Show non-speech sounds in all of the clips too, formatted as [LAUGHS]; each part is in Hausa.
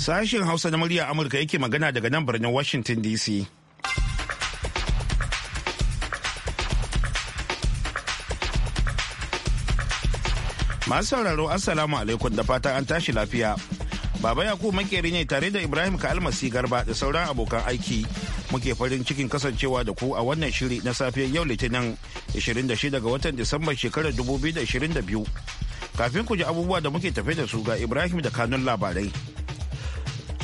Sashen Hausa na murya Amurka yake magana daga nan birnin Washington DC. Masu sauraro Assalamu alaikum da fatan an tashi lafiya. Baba Yakubu makeri ne tare da Ibrahim Kalmasi Garba da sauran abokan aiki. Muke farin cikin kasancewa da ku a wannan shiri na safiyar yau Litinin 26 ga watan disamba shekarar 2022. Kafin ku ji abubuwa da muke tafe da su ga Ibrahim da kanun labarai.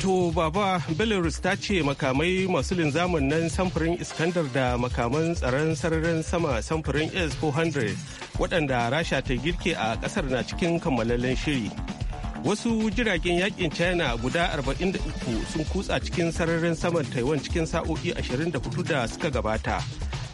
To baba Belarus ta ce makamai masu linzamin nan samfurin Iskandar da makaman tsaron sararin sama samfurin S-400 waɗanda rasha ta girke a ƙasar na cikin kammalallen shiri. Wasu jiragen yakin China guda 43 sun kutsa cikin sararin saman Taiwan cikin sa'o'i 24 da suka gabata.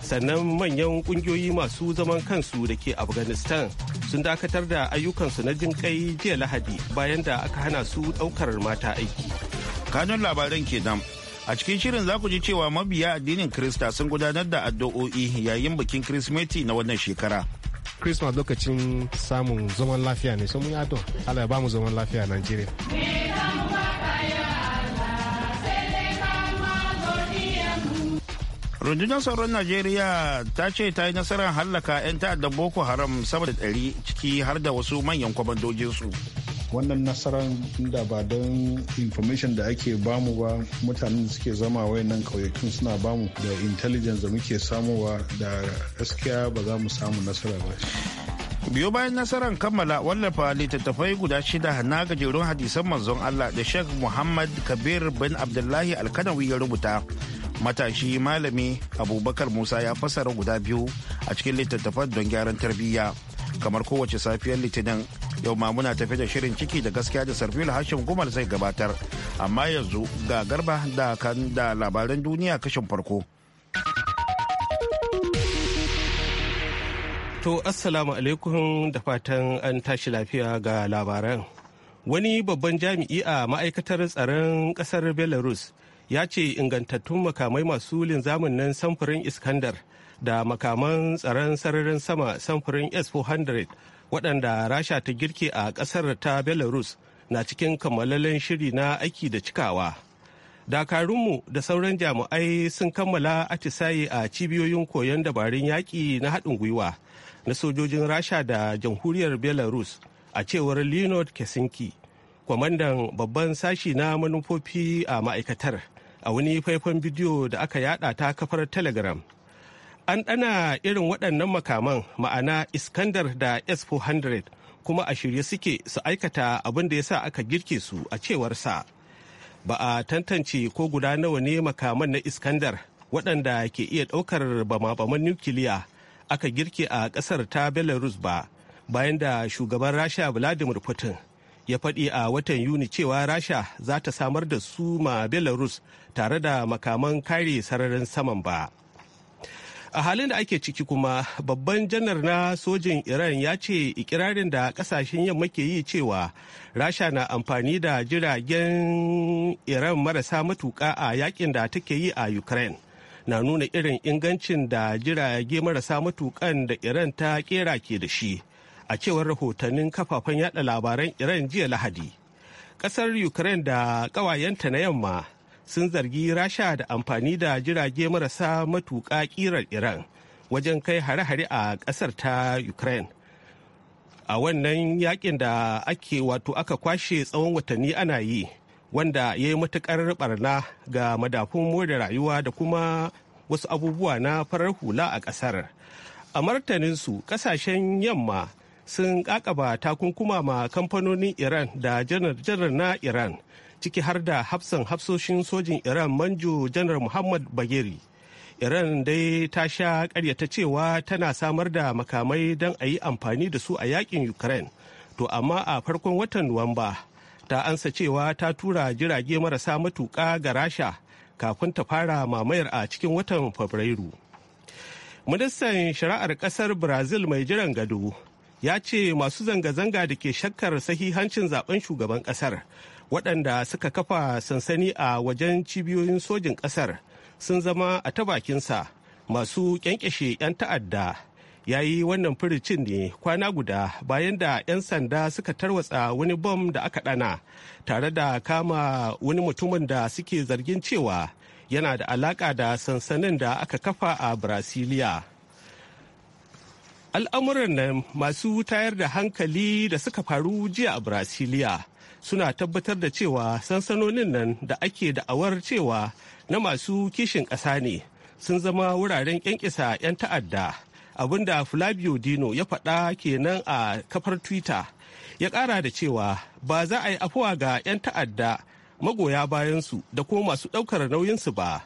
Sannan manyan ƙungiyoyi masu zaman kansu da ke Afghanistan sun dakatar da ayyukansu na jin kai jiya Lahadi bayan da aka hana su ɗaukar mata aiki. kanun labaran ke kenan a cikin shirin za ku ji cewa mabiya addinin krista sun gudanar da addu'o'i yayin bikin kirismeti na wannan shekara christmas lokacin samun zaman lafiya ne sun yi ado allah ya ba mu zaman lafiya a nigeria rundunar sauran najeriya ta ce ta yi nasarar hallaka 'yan ta'adda boko haram saboda ɗari ciki har da wasu manyan kwamandojinsu. wannan nasarar da ba don information da ake bamu ba mutanen da suke zama wayannan kauyakin suna bamu da intelligence da muke samowa da gaskiya ba za mu samu nasara ba biyo bayan nasarar kammala wallafa littattafai guda shida na gajerun hadisan manzon Allah da Sheikh Muhammad Kabir bin Abdullahi Alkanawi ya rubuta matashi malami Abubakar Musa ya fassara guda biyu a cikin littattafan don gyaran tarbiyya kamar kowace safiyar litinin yau ma muna tafi da shirin ciki da gaskiya da sarfil hashim gumal zai gabatar amma yanzu ga garba da kan da labaran duniya kashin farko to assalamu alaikum da fatan an tashi lafiya ga labaran wani babban jami'i a ma'aikatar tsaron kasar belarus ya ce ingantattun makamai masu linzamin nan samfurin iskandar da makaman tsaron sararin sama samfurin s-400 waɗanda rasha ta girke a ƙasar ta belarus na cikin kammalalen shiri na aiki da cikawa dakarunmu da sauran jami'ai sun kammala atisaye a cibiyoyin koyon dabarun yaƙi na haɗin gwiwa na sojojin rasha da jamhuriyar belarus a cewar leonard kesinki kwamandan babban sashi na manufofi a ma'aikatar a wani faifan bidiyo da aka yada ta kafar telegram an ɗana irin waɗannan makaman ma'ana iskandar da s-400 kuma a shirye suke su aikata abin da ya sa aka girke su a cewar sa ba a tantance ko guda nawa ne makaman na iskandar waɗanda ke iya ɗaukar bama-baman nukiliya aka girke a ƙasar ta belarus ba bayan da shugaban rasha vladimir putin ya faɗi a watan yuni cewa rasha za ta samar da su ma belarus tare da makaman kare sararin saman ba. a halin da ake ciki kuma babban janar na sojin iran ya ce ikirarin da kasashen yamma ke yi cewa rasha na amfani da jiragen iran marasa matuka a yakin da take yi a ukraine na nuna irin ingancin da jirage marasa matukan da iran ta kera ke da shi a cewar rahotannin kafafen yada labaran iran jiya lahadi ƙasar ukraine da ƙawayenta na yamma sun zargi rasha da amfani da jirage marasa matuƙa ƙirar iran wajen kai hare-hare a ƙasar ta ukraine a wannan yakin da ake wato aka kwashe tsawon watanni ana yi wanda ya yi matuƙar barna ga madafun da rayuwa da kuma wasu abubuwa na farar hula a ƙasar a martaninsu ƙasashen yamma sun ƙaƙaba takunkuma ma kamfanonin iran da janar na iran ciki har da hafsan hafsoshin sojin iran manjo janar muhammad bageri iran dai ta sha karyata cewa tana samar da makamai don a yi amfani da su a yakin ukraine to amma a farkon watan nuwamba ta ansa cewa ta tura jirage marasa matuka ga rasha kafin ta fara mamayar a cikin watan fabrairu ministan shari'ar ƙasar brazil mai jiran gado ya ce masu zanga-zanga da ke shakkar sahihancin zaben shugaban ƙasar waɗanda suka kafa sansani a wajen cibiyoyin sojin ƙasar sun zama a ta bakinsa masu kyankyashe 'yan ta'adda ya yi wannan furicin ne kwana guda bayan da 'yan sanda suka tarwatsa wani bom da aka ɗana tare da kama wani mutumin da suke zargin cewa yana da alaƙa da sansanin da aka kafa a brasilia al'amuran nan masu tayar da hankali da suka faru jiya a brasilia suna tabbatar da cewa sansanonin nan da ake da'awar cewa na masu kishin ƙasa ne sun zama wuraren ƙyanƙisa 'yan ta'adda abinda flavio dino ya faɗa kenan a kafar twitter ya ƙara da cewa ba za a yi afuwa ga 'yan ta'adda magoya bayansu da kuma masu ɗaukar nauyinsu ba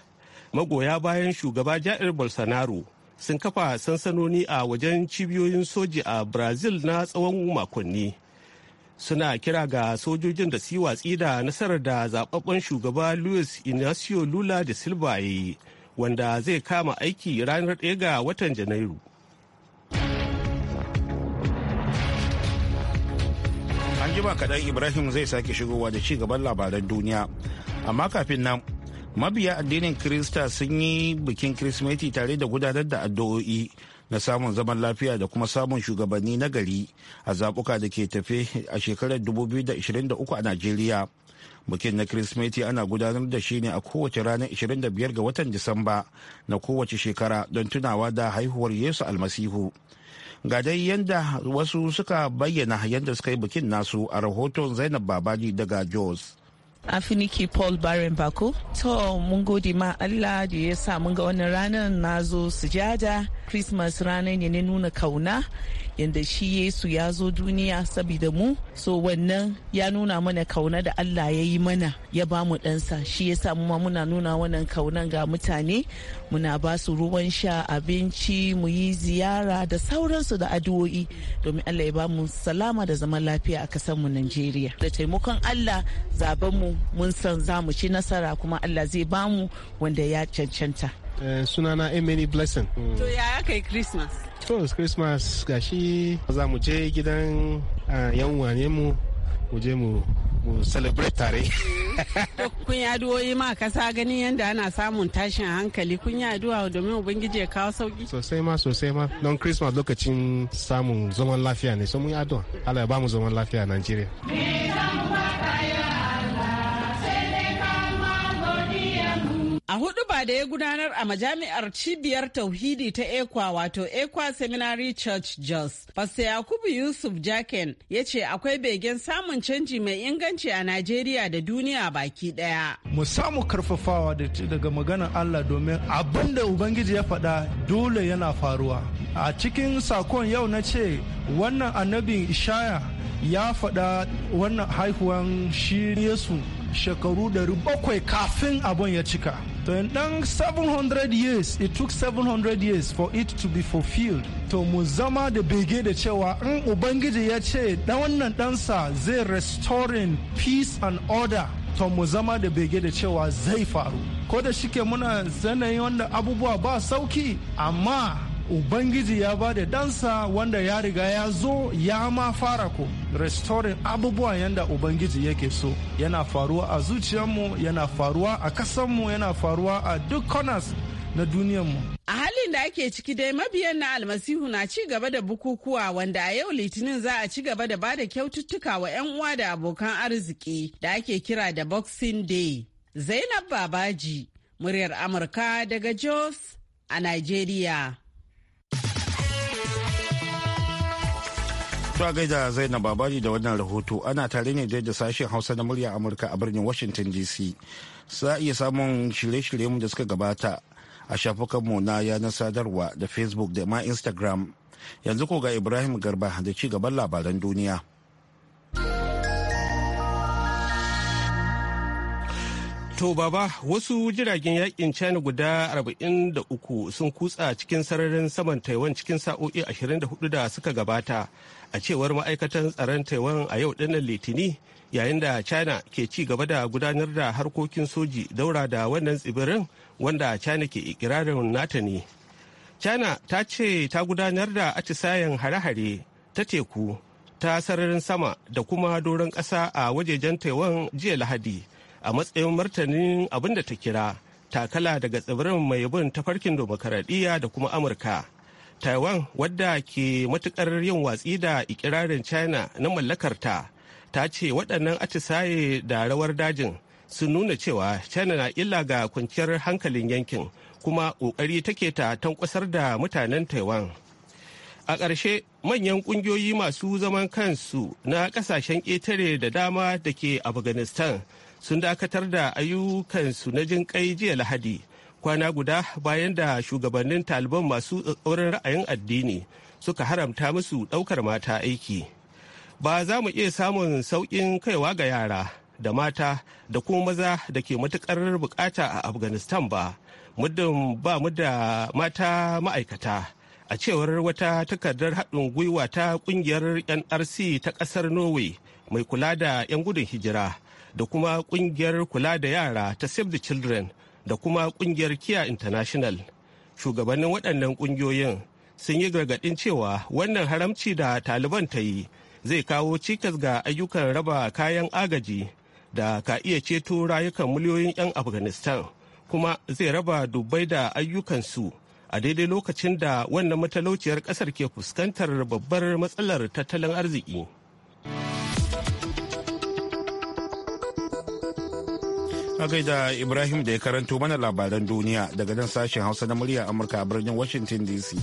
magoya bayan shugaba jair bolsonaro sun kafa sansanoni a wajen cibiyoyin soji a brazil na tsawon makonni suna kira ga sojojin da suyi watsi da nasarar da zababben shugaba luis inacio lula da silva ya yi wanda zai kama aiki ranar 1 ga watan janairu an jima kaɗan ibrahim zai sake shigowa da ci gaban labaran duniya amma kafin nan mabiya addinin kirista sun yi bikin kirsimeti tare da gudanar da addu'o'i na samun zaman lafiya da kuma samun shugabanni na gari a zabuka da ke tafe a shekarar 2023 a najeriya bikin na kirismeti ana gudanar da shi ne a kowace ranar 25 ga watan disamba na kowace shekara don tunawa da haihuwar yesu almasihu ga dai yadda wasu suka bayyana yadda suka yi bikin nasu a rahoton zainab babaji daga jos Afiniki Paul Barren Bako. To mun gode ma Allah da ya sa mun ga wannan ranar nazo sujada. Christmas ranar ne na nuna kauna. yadda shi yesu ya zo duniya saboda mu so wannan ya nuna mana kauna da allah ya yi mana ya ba mu ɗansa shi ya sa ma muna nuna wannan kaunan ga mutane muna ba su ruwan sha abinci mu yi ziyara da sauransu da addu'o'i domin allah ya ba mu salama da zaman lafiya a kasar mu najeriya da taimakon allah zaben mu mun san za mu ci nasara kuma allah zai ba mu wanda ya cancanta Eh, sunana Emily Blessing. Mm. To ya kai Christmas? To Christmas gashi za mu je gidan ah, yan wane mu mu je mu mu celebrate tare. [LAUGHS] Kun yi ma kasa ganin yadda ana samun tashin hankali kun yi addu'a domin ubangiji ya kawo sauki. Sosai ma sosai ma don Christmas lokacin samun zaman lafiya ne so mun yi addu'a. Allah ya ba mu zaman lafiya a Najeriya. A hudu ba da ya gudanar a majami'ar cibiyar tauhidi ta Ekwa wato Ekwa Seminary Church Jos. Pastor Yakubu Yusuf Jaken ya ce akwai begen samun canji mai inganci a Najeriya da duniya baki daya. Mu samu karfafawa daga maganar Allah domin abinda Ubangiji ya faɗa dole yana faruwa. A cikin sakon yau na ce wannan annabin Ishaya ya faɗa wannan haihuwan shi Yesu shekaru bakwai kafin abin ya cika to in dan 700 years it took 700 years for it to be fulfilled to mu zama da bege da cewa in ubangiji ya ce da wannan ɗansa zai restoring peace and order to mu zama da bege da cewa zai faru ko da shike muna zanayi wanda abubuwa ba sauki amma ubangiji ya ba da dansa wanda ya riga ya zo ya ma fara ko restoring abubuwa yadda ubangiji yake so yana faruwa a zuciyarmu yana faruwa a kasanmu yana faruwa a duk corners na duniyanmu. A halin da ake ciki dai mabiyan na almasihu na ci gaba da bukukuwa wanda a yau litinin za a ci gaba da ba da kyaututtuka wa 'yan uwa da abokan arziki da ake kira da Boxing Day. Zainab Babaji, muryar Amurka daga Jos a Nigeria. Tuwa gaida Zainab Babari da wannan rahoto ana tare ne da sashen Hausa na murya Amurka a birnin Washington DC. Za iya samun shirye-shiryen da suka gabata a shafukanmu na yanar sadarwa da Facebook da ma Instagram. Yanzu ko ga Ibrahim Garba da ci gaban labaran duniya. To baba wasu jiragen yakin China guda 43 sun kutsa cikin sararin saman Taiwan cikin sa'o'i 24 da suka gabata a cewar ma'aikatan tsaron Taiwan a yau dinnan litini yayin da China ke ci gaba da gudanar da harkokin soji daura da wannan tsibirin wanda China ke ikirarin nata ne. China ta ce ta gudanar da atisayen hare-hare ta teku ta sararin sama da kuma doron ƙasa a wajejen Taiwan jiya Lahadi. a matsayin martanin abin da ta kira takala daga tsibirin mai bin tafarkin dimokuraɗiyya da kuma amurka taiwan wadda ke matukar yin watsi da ikirarin china na mallakarta ta ce waɗannan atisaye da rawar dajin sun nuna cewa china na illa ga kwanciyar hankalin yankin kuma ƙoƙari take ta tankwasar da mutanen taiwan a ƙarshe manyan ƙungiyoyi masu zaman kansu na ƙasashen ƙetare da dama da ke afghanistan sun dakatar da ayyukansu na jin kai jiya lahadi kwana guda bayan da shugabannin taliban masu tsatsauran ra'ayin addini suka haramta musu ɗaukar mata aiki ba za mu iya samun sauƙin kaiwa ga yara da mata da kuma maza da ke matuƙar bukata a afghanistan ba muddin ba mu da mata ma'aikata a cewar wata takardar haɗin gwiwa ta ƙungiyar nrc ta ƙasar norway mai kula da 'yan gudun hijira da kuma kungiyar kula da yara ta Save the Children da kuma kungiyar Kia International. Shugabannin waɗannan kungiyoyin sun yi gargaɗin cewa wannan haramci da Taliban ta yi zai kawo cikas ga ayyukan raba kayan agaji da ka iya ceto rayukan miliyoyin 'yan Afghanistan kuma zai raba dubbai da ayyukansu a daidai lokacin da wannan matalauciyar ƙasar ke fuskantar babbar matsalar tattalin arziki. A gaida Ibrahim da ya karanto mana labaran duniya daga nan sashen Hausa na murya Amurka a birnin Washington DC.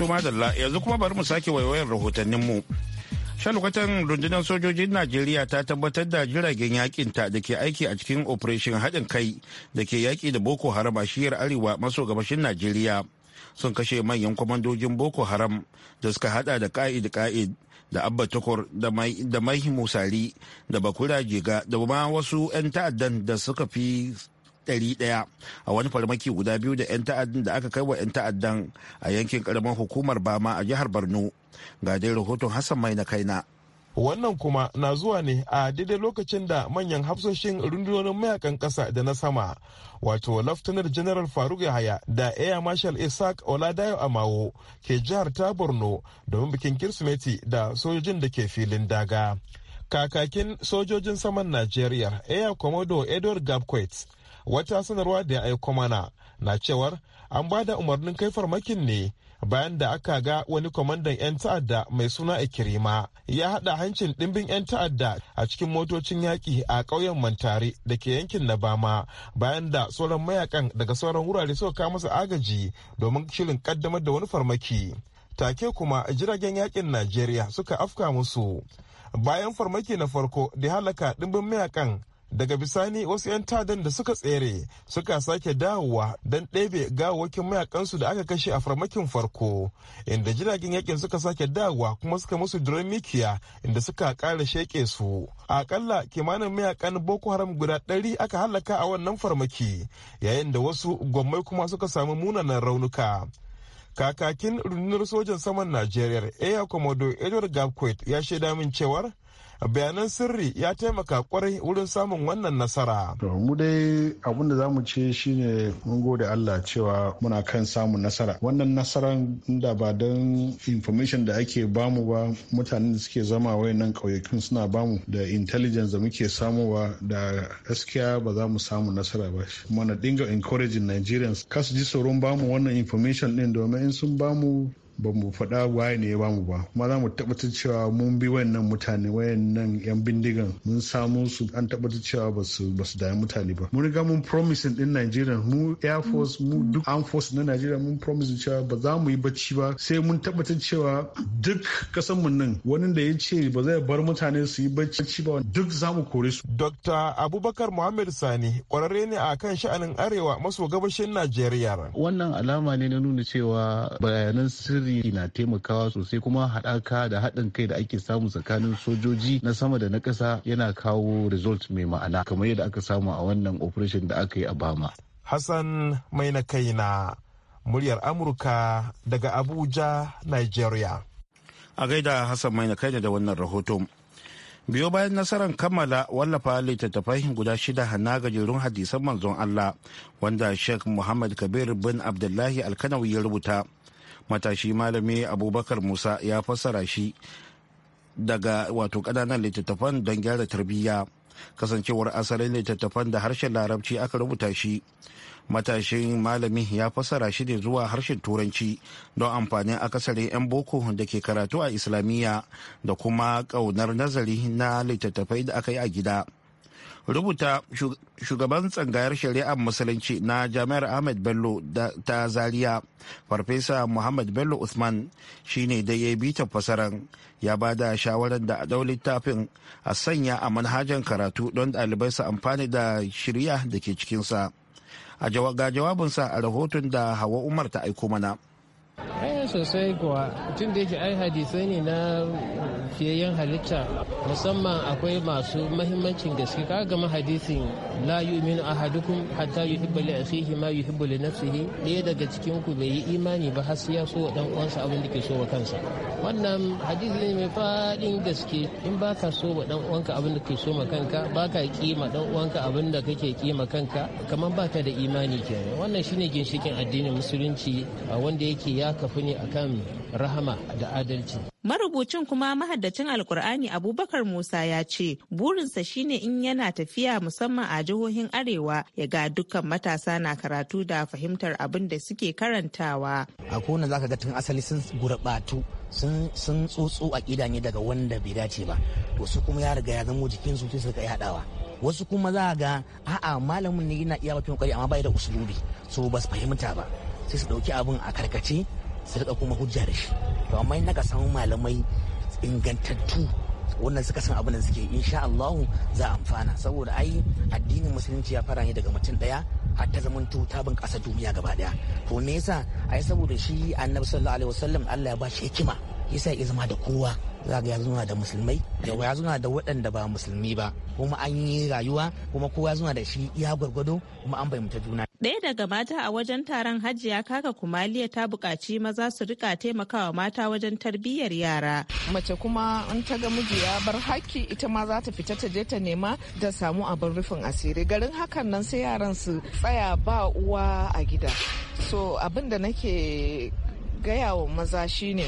To madalla yanzu kuma bari mu sake waiwayar rahotanninmu. Shalukatan rundunar sojojin Najeriya ta tabbatar da jiragen yakin ta da ke aiki a cikin operation haɗin kai da ke yaƙi da Boko Haram a shiyar arewa maso gabashin Najeriya. sun kashe manyan kwamandojin boko haram da suka hada da ka'id ka'id da abba tukur da mai musari da bakura jiga da ma wasu 'yan ta'addan da suka fi ɗari ɗaya a wani farmaki guda biyu da 'yan ta'addan da aka kai wa 'yan ta'addan a yankin karamar hukumar bama a jihar borno ga dai rahoton hassan mai na kaina wannan kuma na zuwa ne a daidai lokacin da manyan hafsoshin rundunonin mayakan ƙasa da na sama wato laftanar general faruk yahaya da air marshal isaac oladayo amawo ke jihar ta borno domin bikin kirsimeti da sojojin da ke filin daga kakakin sojojin saman nigeria air komodo edward gabquet wata sanarwa da ya aiko mana na cewar an ba da umarnin kai farmakin ne bayan da aka ga wani kwamandan 'yan ta'adda mai suna ikirima ya hada hancin dimbin 'yan ta'adda a cikin motocin yaƙi a ƙauyen mantare da ke yankin na bama bayan da sauran mayakan daga sauran wurare suka kawo masa agaji domin shirin kaddamar da wani farmaki take kuma jiragen yaƙin najeriya suka afka musu bayan farmaki na farko da halaka dimbin mayakan daga bisani wasu 'yan tadan da suka tsere suka sake dawowa don ɗebe gawakin mayakansu da aka kashe a farmakin farko inda jiragen yakin suka sake dawowa kuma suka musu duran mikiya inda suka ƙara sheƙe su akalla kimanin mayakan boko haram guda ɗari aka halaka a wannan farmaki yayin da wasu gwammai kuma suka samu munanan raunuka kakakin rundunar sojan saman najeriya air commodore edward gabquet ya shaida min cewar bayanan sirri ya taimaka kwarai wurin samun wannan nasara. mu dai abin da za mu ce shine mun gode Allah cewa muna kan samun nasara wannan nasaran da ba don information da ake bamu ba mutanen da suke zama wayannan ƙauyakun suna bamu da intelligence da muke samuwa da gaskiya ba za mu samu nasara ba mana dinga encouraging Nigerians kasu ji tsoron bamu wannan information din domin in sun bamu ba mu faɗa waye ne ya bamu ba kuma za mu tabbatar cewa mun bi wayannan mutane wayannan yan bindigan mun samu su an tabbatar cewa ba su ba su mutane ba mun riga mun promising din Nigeria mu air force mu mm-hmm. duk armed force na Nigeria mun promise cewa ba za mu yi bacci ba sai mun tabbatar cewa duk kasan mu nan wani da ya ce ba zai bar mutane su yi bacci ba duk za mu kore su Dr. Abubakar Muhammad Sani kwararre ne a kan sha'anin arewa maso gabashin Najeriya wannan alama ne na nuna cewa bayanan sirri sirri na taimakawa sosai kuma haɗaka da haɗin kai da ake samu tsakanin sojoji na sama da na kasa yana kawo result mai ma'ana kamar yadda aka samu a wannan operation da aka yi a bama. Hassan mai na kaina muryar Amurka daga Abuja, Nigeria. A gaida Hassan mai na kaina da wannan rahoto. biyo bayan nasarar kammala wallafa littattafai guda shida na gajerun hadisan manzon Allah wanda Sheikh Muhammad Kabir bin Abdullahi Alkanawi ya rubuta matashi malami abubakar musa ya fassara shi daga wato ƙananan littattafan don gyara tarbiyya kasancewar asalin littattafan da harshen larabci aka rubuta shi matashin malami ya fassara shi ne zuwa harshen turanci don amfanin akasarin 'yan boko da ke karatu a islamiyya da kuma ƙaunar nazari na littattafai da aka yi a gida rubuta shugaban tsangayar shari'ar musulunci na jami'ar ahmed bello ta zaria farfesa muhammad bello usman shine da ya bi fasaran ya ba da shawarar da a dau littafin a sanya a manhajan karatu don ɗalibai su amfani da shirya da ke cikinsa a jawabinsa a rahoton da hawa umar ta aiko mana Eh sosai kuwa tun da yake ai hadisai ne na fiyayyen halitta musamman akwai masu mahimmancin gaske ka gama hadisin la yu'minu ahadukum hatta yuhibba li akhihi ma yuhibbu li nafsihi ɗaya daga cikin ku bai yi imani ba har ya so wa dan uwansa abin da ke so wa kansa wannan hadisi ne mai fadin gaske in baka so wa dan uwanka abin da ke so ma kanka baka kima dan uwanka abin da kake kima kanka kamar baka da imani kenan wannan shine ginshikin addinin musulunci wanda yake ya ya kafu ne akan rahama da adalci marubucin kuma mahaddacin alkur'ani abubakar musa ya ce burinsa shine in yana tafiya musamman a jihohin arewa ya ga dukkan matasa na karatu da fahimtar abin da suke karantawa a kone zaka ga tun asali sun gurɓatu sun tsotso a ne daga wanda bai dace ba to kuma ya riga ya zama jikin su sai suka yaɗawa wasu kuma za ga a'a malamin ne yana iya bakin kwari amma bai da usulubi so ba su fahimta ba sai su ɗauki abin a karkace su riƙa kuma hujja da shi to amma in naka samu malamai ingantattu wannan suka san abin da suke insha Allah za a amfana saboda ai addinin musulunci ya fara ne daga mutum daya har ta to ta bunƙasa duniya gaba daya to me yasa ai saboda shi annabi sallallahu alaihi wasallam Allah ya ba shi hikima yasa ya zama da kowa za ga ya zuna da musulmai da ya zuna da waɗanda ba musulmi ba kuma an yi rayuwa kuma kowa zuna da shi iya gwargwado kuma an bayyanta juna Ɗaya daga mata a wajen taron hajiya kaka kumaliya ta buƙaci maza su rika taimakawa mata wajen tarbiyyar yara. Mace kuma in ta ga miji ya bar haki ita ma za ta fita ta je ta nema da samu abin rufin asiri. Garin hakan nan sai yaran su tsaya ba uwa a gida. So abin da nake gaya wa maza shine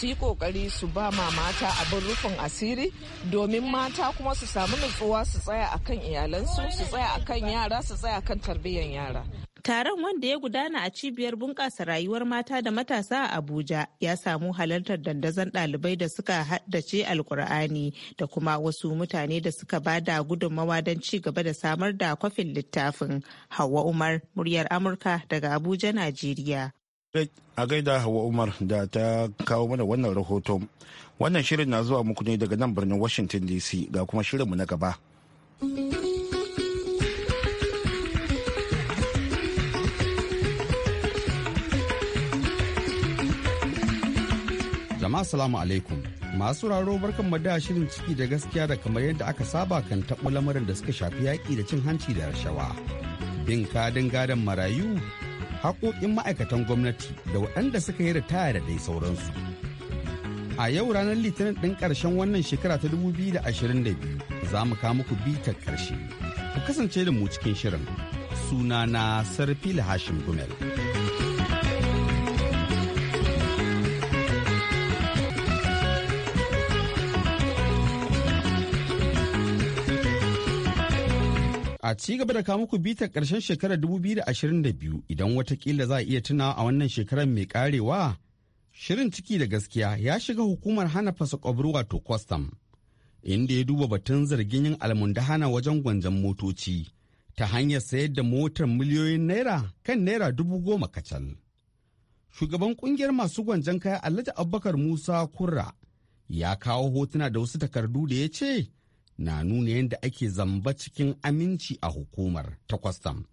su yi kokari su ba ma mata abin rufin asiri domin mata kuma su samu nutsuwa su tsaya akan iyalansu su tsaya akan yara su tsaya akan tarbiyyar yara Taron wanda ya gudana a cibiyar bunƙasa rayuwar mata da matasa a Abuja ya samu halartar dandazon ɗalibai da suka haddace alkur'ani da kuma wasu mutane da suka ba da gudunmawa don ci gaba da samar da kwafin littafin. hawa Umar, muryar Amurka daga Abuja, Najeriya. a gaida hawa umar da ta kawo mana wannan rahoto wannan shirin na zuwa muku ne daga nan birnin washington dc ga kuma shirinmu na gaba jama'a salamu alaikum masu raro barkan da shirin ciki da gaskiya da kamar yadda aka saba kan taɓo lamarin da suka shafi yaƙi da cin hanci da rashawa bin kadin gadon marayu haƙoƙin ma'aikatan gwamnati da waɗanda suka yi ritaya da dai sauransu. A yau ranar Litinin ɗin ƙarshen wannan shekara ta 2022 za mu kawo muku bitar ƙarshe. Ku kasance da mu cikin shirin. Sunana Sarfila Hashim Gumel. A ci gaba da kamuku bita ƙarshen shekarar 2022 idan watakila za a iya tuna a wannan shekarar mai karewa, shirin ciki da gaskiya ya shiga hukumar hana fasa kwabru wato kwastam, inda ya duba batun zargin yin almundahana wajen gwanjan motoci ta hanyar sayar da motar miliyoyin naira kan naira dubu goma kacal. Shugaban ƙungiyar masu gwanjan kaya Alhaji Abubakar Musa Kurra ya kawo hotuna da wasu takardu da ya ce na nuna yadda ake zamba cikin aminci a hukumar ta kwastam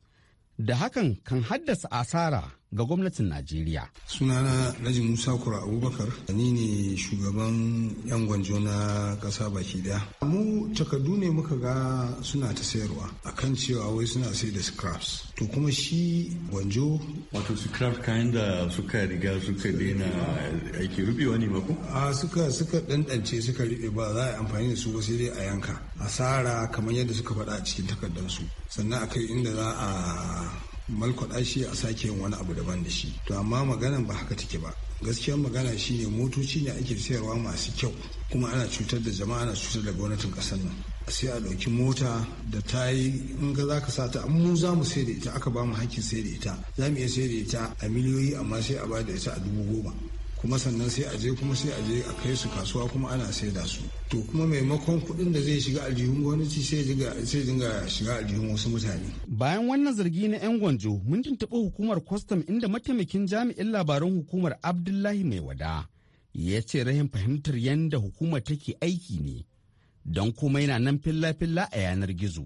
da hakan kan haddasa asara ga gwamnatin Najeriya. Sunana Laji Musa Kura Abubakar, ni ne shugaban 'yan gwanjo na ƙasa baki daya. Mu takardu ne muka ga suna ta sayarwa A kan cewa wai suna sai da scraps. To kuma shi gwanjo. Wato scrap kayan da suka riga suka daina aiki rubewa ne mako? A suka suka ɗanɗance suka rube ba za a yi amfani da su ba sai dai a yanka. Asara kamar yadda suka faɗa a cikin takardarsu. Sannan akai inda za a malkwaɗa shi a sake yin wani abu daban da shi to amma maganan ba haka take ba gaskiyar magana shi ne motoci ne ake sayarwa masu kyau kuma ana cutar da jama'a ana cutar da gwamnatin ƙasar nan sai a ɗauki mota da ta yi in ga za ka sa ta mu za mu sai da ita aka ba mu hakkin sai da ita za mu iya sai da ita a miliyoyi amma sai a ba da ita a dubu goma kuma sannan sai a je kuma sai a je a kai su kasuwa kuma ana saida su to kuma maimakon kuɗin da zai shiga aljihun gwamnati sai dinga shiga aljihun wasu mutane bayan wannan zargi na yan gwanjo mun tuntuɓi hukumar kwastam inda mataimakin jami'in labarun hukumar abdullahi mai wada ya ce rahin fahimtar yadda hukumar take aiki ne don kuma yana nan filla-filla a yanar gizo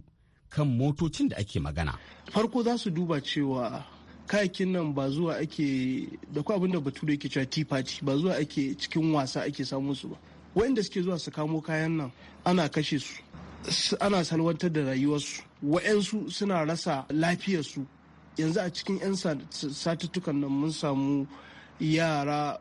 kan motocin da ake magana farko za su duba cewa kayakin nan ba zuwa ake da kwa abinda bature yake cewa tea party ba zuwa ake cikin wasa ake samu su ba wayanda suke zuwa su kamo kayan nan ana kashe su ana salwantar da rayuwarsu wa'yansu suna rasa lafiyarsu yanzu a cikin 'yan satuttukan nan mun samu yara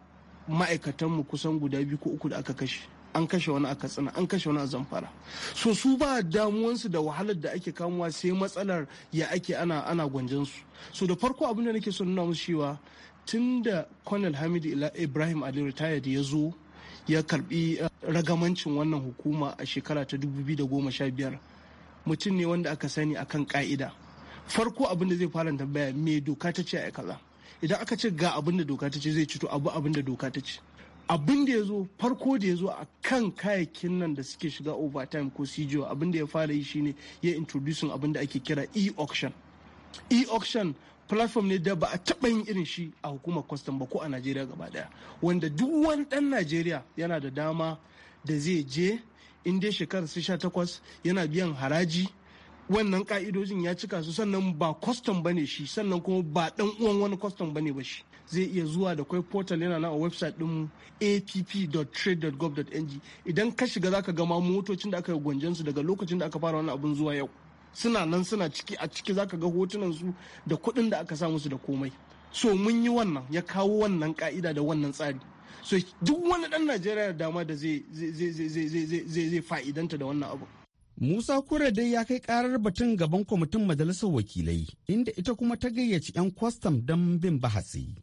ma'aikatanmu kusan guda biyu ko uku da aka kashe an kashe wani a katsina an kashe wani a zamfara so su ba damuwansu da wahalar da ake kamuwa sai matsalar ya ake ana ana su so da farko abin da nake so nuna musu cewa tun da colonel hamidu ibrahim ali retired ya zo ya karbi eh, ragamancin wannan hukuma a shekara ta 2015 mutum ne wanda aka sani akan ka'ida farko abin da zai fara tambaya me doka ta ce a kaza idan aka ce ga abin da doka ta ce zai cito abu abin da doka ta ce abin da ya zo farko da ya zo a kan kayakin nan da suke shiga overtime ko cgo abin da ya fara yi shine ya introdusin abin da ake kira e-auction e-auction platform ne da ba a taɓa yin irin shi a hukumar kwastam ba ko a najeriya gaba daya wanda duk wani ɗan najeriya yana da dama da zai je in dai shekarar su sha takwas yana biyan haraji wannan ka'idojin ya cika su sannan ba kwastam ba ne shi sannan kuma ba ɗan uwan wani kwastam ba ne ba shi zai iya zuwa da kwai portal yana na a website din app.trade.gov.ng idan ka shiga zaka ga ma motocin da aka yi gwanjen su daga lokacin da aka fara wani abun zuwa yau suna nan suna ciki a ciki zaka ga hotunan su da kuɗin da aka sa musu da komai so mun yi wannan ya kawo wannan ka'ida da wannan tsari so duk wani ɗan najeriya dama da zai zai fa'idanta da wannan abu Musa Kure dai ya kai karar batun gaban kwamitin majalisar wakilai inda ita kuma ta gayyaci 'yan kwastam don bin bahasi.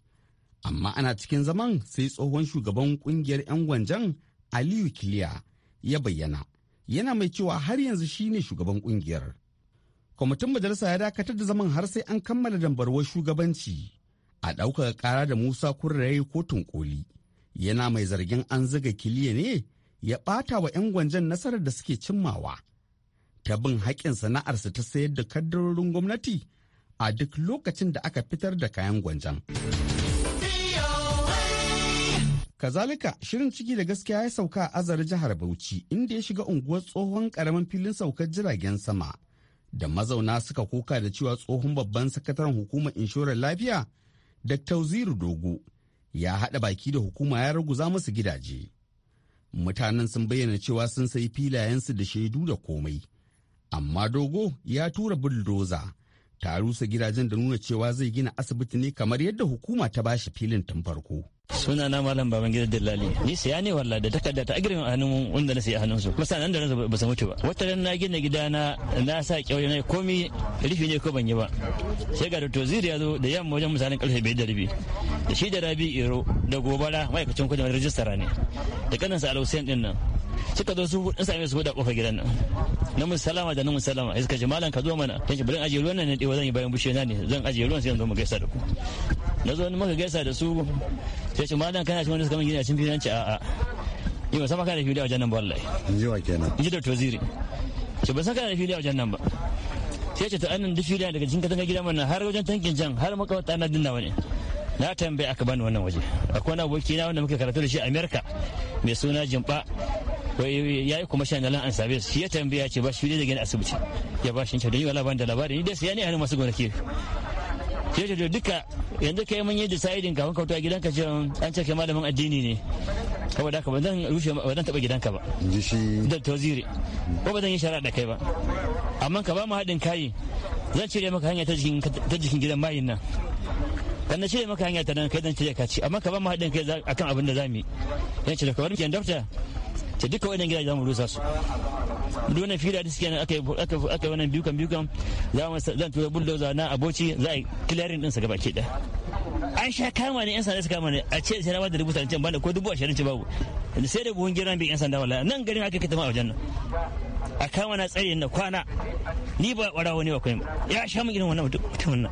amma ana cikin zaman sai tsohon shugaban kungiyar 'yan gwanjan aliyu kiliya ya bayyana yana mai cewa har yanzu shine shugaban kungiyar kwamitin majalisa ya dakatar da zaman har sai an kammala dambarwar shugabanci a ɗaukaka kara da musa kurraye kotun koli yana mai zargin an zuga kiliya ne ya ɓata wa 'yan gwanjan nasarar da suke cimmawa ta bin haƙƙin sana'arsa ta sayar da kaddarorin gwamnati a duk lokacin da aka fitar da kayan gwanjan. Kazalika shirin ciki da gaskiya ya sauka a azar jihar Bauchi inda ya shiga unguwar tsohon karamin filin saukar jiragen sama da mazauna suka koka da cewa tsohon babban sakataren hukumar inshorar lafiya Dr. tauziru Dogo ya haɗa baki da hukuma ya ruguza musu gidaje. Mutanen sun bayyana cewa sun sayi su da shaidu da komai. Amma Dogo ya tura buldoza ta rusa gidajen da nuna cewa zai gina asibiti ne kamar yadda hukuma ta bashi filin tun farko. suna na malam baban gidan dillali ni siya ne walla da takarda ta agirin hannun wanda na siya hannun su kuma sanan da ba su mutu ba wata ran na gina gida na na sa kyauye na komi rufi ne ko ban yi ba sai ga dr ziri ya zo da yamma wajen misalin karfe biyar da rabi da shi da rabi iro da gobara ma'aikacin kudin rajistara ne da sa alhussein din nan suka zo su in same su da kofar gidan nan na musalama da na musalama sai suka ce malam ka zo mana yace bari aje ruwan nan ne dewa zan yi bayan bushe na ne zan aje ruwan sai zan zo mu gaisa da ku na zo muka gaisa da su sai shi malam kana cikin wanda suka min gini a cikin filin a a'a yi ba sama kana da fili a wajen nan ba wallahi in ji wa kenan in ji da toziri ce ba sama kana da fili a wajen nan ba sai ce ta annan da fili daga cikin katanga gidan wannan har wajen tankin jan har makawata na dinna wani na tambaye aka bani wannan waje akwai wani aboki na wanda muke karatu da shi america mai suna jimba ya yi kuma shan dalan an sabe shi ya tambaya ce ba shi da gani asibiti ya ba shi da don yi wala ban da labari ni dai sai ya ne a masu gonaki ya ce duka yanzu kai mun yi decidin kafin ka a gidanka ce an ce kai malamin addini ne kawai da ba zan rushe ba zan taba gidanka ba da toziri ko ba zan yi shari'a da kai ba amma ka ba mu haɗin kayi zan cire maka hanya ta jikin gidan mayin nan kan na cire maka hanya ta nan kai zan cire ka ci amma ka ba mu haɗin kai akan abin da za yi yan ce da kawar ke dokta ce duka wannan gidaje za mu rusa su duk fira da suke aka aka wannan biyu kan biyu kan za mu zan tura bulldozer na aboci za a clearing din sa gaba ke da an sha kama ne yan sanda suka kama ne a ce sai na bada dubu talatin banda ko dubu 20 ce babu sai da buhun giran bi yan sanda wallahi nan garin aka kai tama a wajen nan a kama na tsare na kwana ni ba warawo ne ba kai ya sha mu irin wannan mutumin nan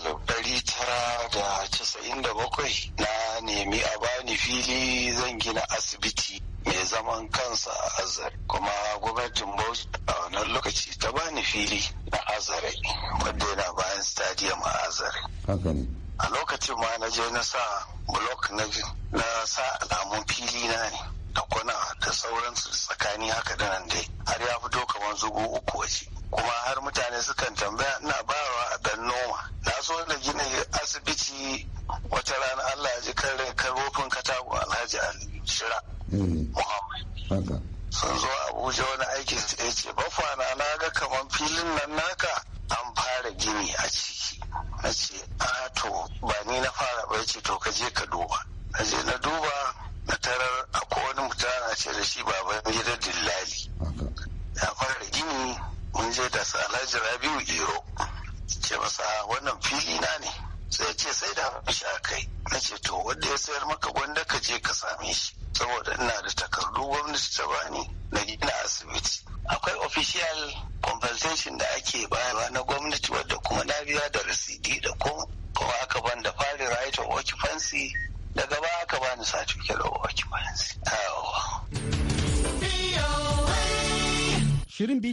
Dari tara da casa'in da bakwai na nemi a bani fili zan gina asibiti mai zaman kansa a azare kuma gwamnatin bauchi a wannan lokaci ta bani fili na azare wadda yana bayan stadium a azare a lokacin ma na je na sa blok na sa alamun fili na ne da kwana da sauransu tsakani haka da nan dai har ya fito kamar zubo uku waje kuma har mutane sukan tambaya ina bawa a dan noma na so na gina asibiti wata rana Allah ya ji kare karofin katako Alhaji Ali Shira hmm. sun zo Abuja wani aiki sai ce bafa na na ga kaman filin nan naka an fara gini a ciki na ce a ah, to ba ni na fara ba ce to ka je ka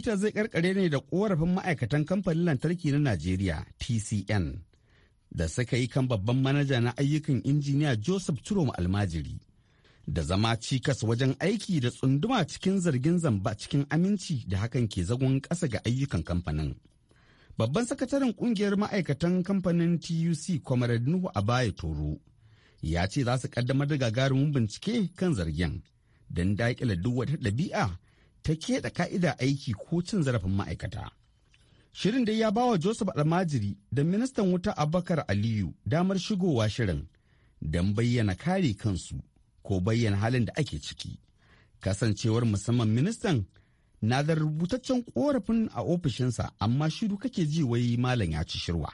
rahoton zai karkare ne da korafin ma'aikatan kamfanin lantarki na Najeriya TCN da suka yi kan babban manaja na ayyukan injiniya Joseph Turom almajiri da zama cikas wajen aiki da tsunduma cikin zargin zamba cikin aminci da hakan ke zagon ƙasa ga ayyukan kamfanin. Babban sakataren kungiyar ma'aikatan kamfanin TUC Comrade Nuhu Abaye Toro ya ce za su kaddamar da gagarumin bincike kan zargin don daƙile duk wata ɗabi'a ta keɗa ka'ida aiki ko cin zarafin ma'aikata. Shirin da ya bawa Joseph Almajiri da ministan wuta Abubakar Aliyu damar shigowa shirin don bayyana kare kansu ko bayyana halin da ake ciki. Kasancewar musamman ministan na da rubutaccen korafin a ofishinsa amma shiru kake ji wai malam ya ci shirwa.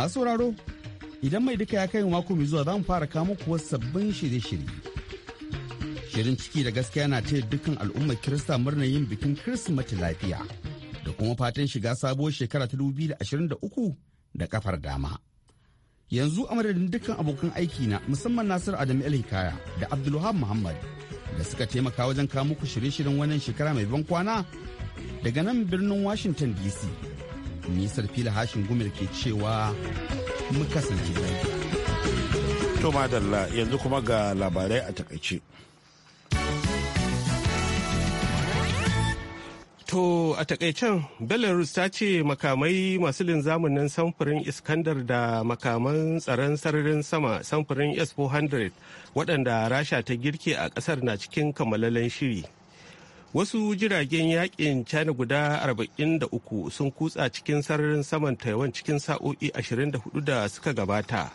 Masu sauraro, idan mai duka ya kai mako mai zuwa za mu fara kama kuwa sabbin shirye-shirye. Shirin ciki da gaskiya na taya dukkan al'ummar Kirista murnar yin bikin Kirsimeti lafiya da kuma fatan shiga sabuwar shekara ta 2023 da da uku kafar dama. Yanzu a madadin dukkan abokan aiki na musamman Nasiru Adamu El Hikaya da Abdulwahab Muhammad da suka taimaka wajen kawo muku shirye-shiryen wannan shekara mai ban kwana daga nan birnin Washington DC. nisar fila hashin gumel ke cewa mu kasance to madalla yanzu kuma ga labarai a takaice. To a takaicen Belarus ta ce makamai masu linzamin nan samfurin Iskandar da makaman tsaron sararin sama samfurin S-400 waɗanda Rasha ta girke a ƙasar na cikin kammalalan shiri. wasu jiragen yakin china guda 43 sun kutsa cikin sararin saman taiwan cikin sa'o'i 24 da suka gabata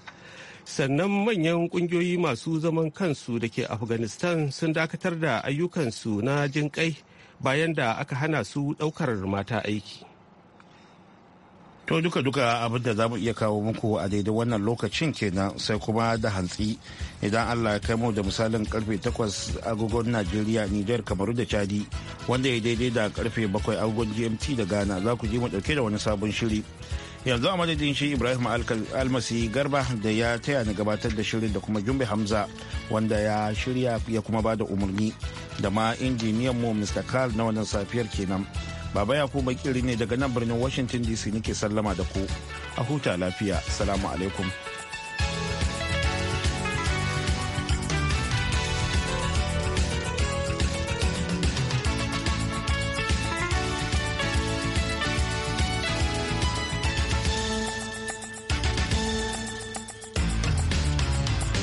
sannan manyan kungiyoyi masu zaman kansu da ke afghanistan sun dakatar da ayyukansu na jinƙai bayan da aka hana su ɗaukar mata aiki To duka-duka abin da za mu iya kawo muku a daidai wannan lokacin kenan sai kuma da hantsi idan Allah ya kai mu da misalin karfe 8 agogon Najeriya, Nijar, Kamaru da Chadi wanda ya daidai da karfe 7 agogon GMT da Ghana za ku je mu dauke da wani sabon shiri. Yanzu a madadin shi Ibrahim Almasi Garba da ya taya ni gabatar da shirin da kuma Jumbe Hamza wanda ya shirya ya kuma bada umarni da ma injiniyan mu Mr. carl na wannan safiyar kenan. Baba Yakubu Bakiri ne daga nan birnin Washington DC nake sallama da ku. A huta lafiya. Salamu alaikum.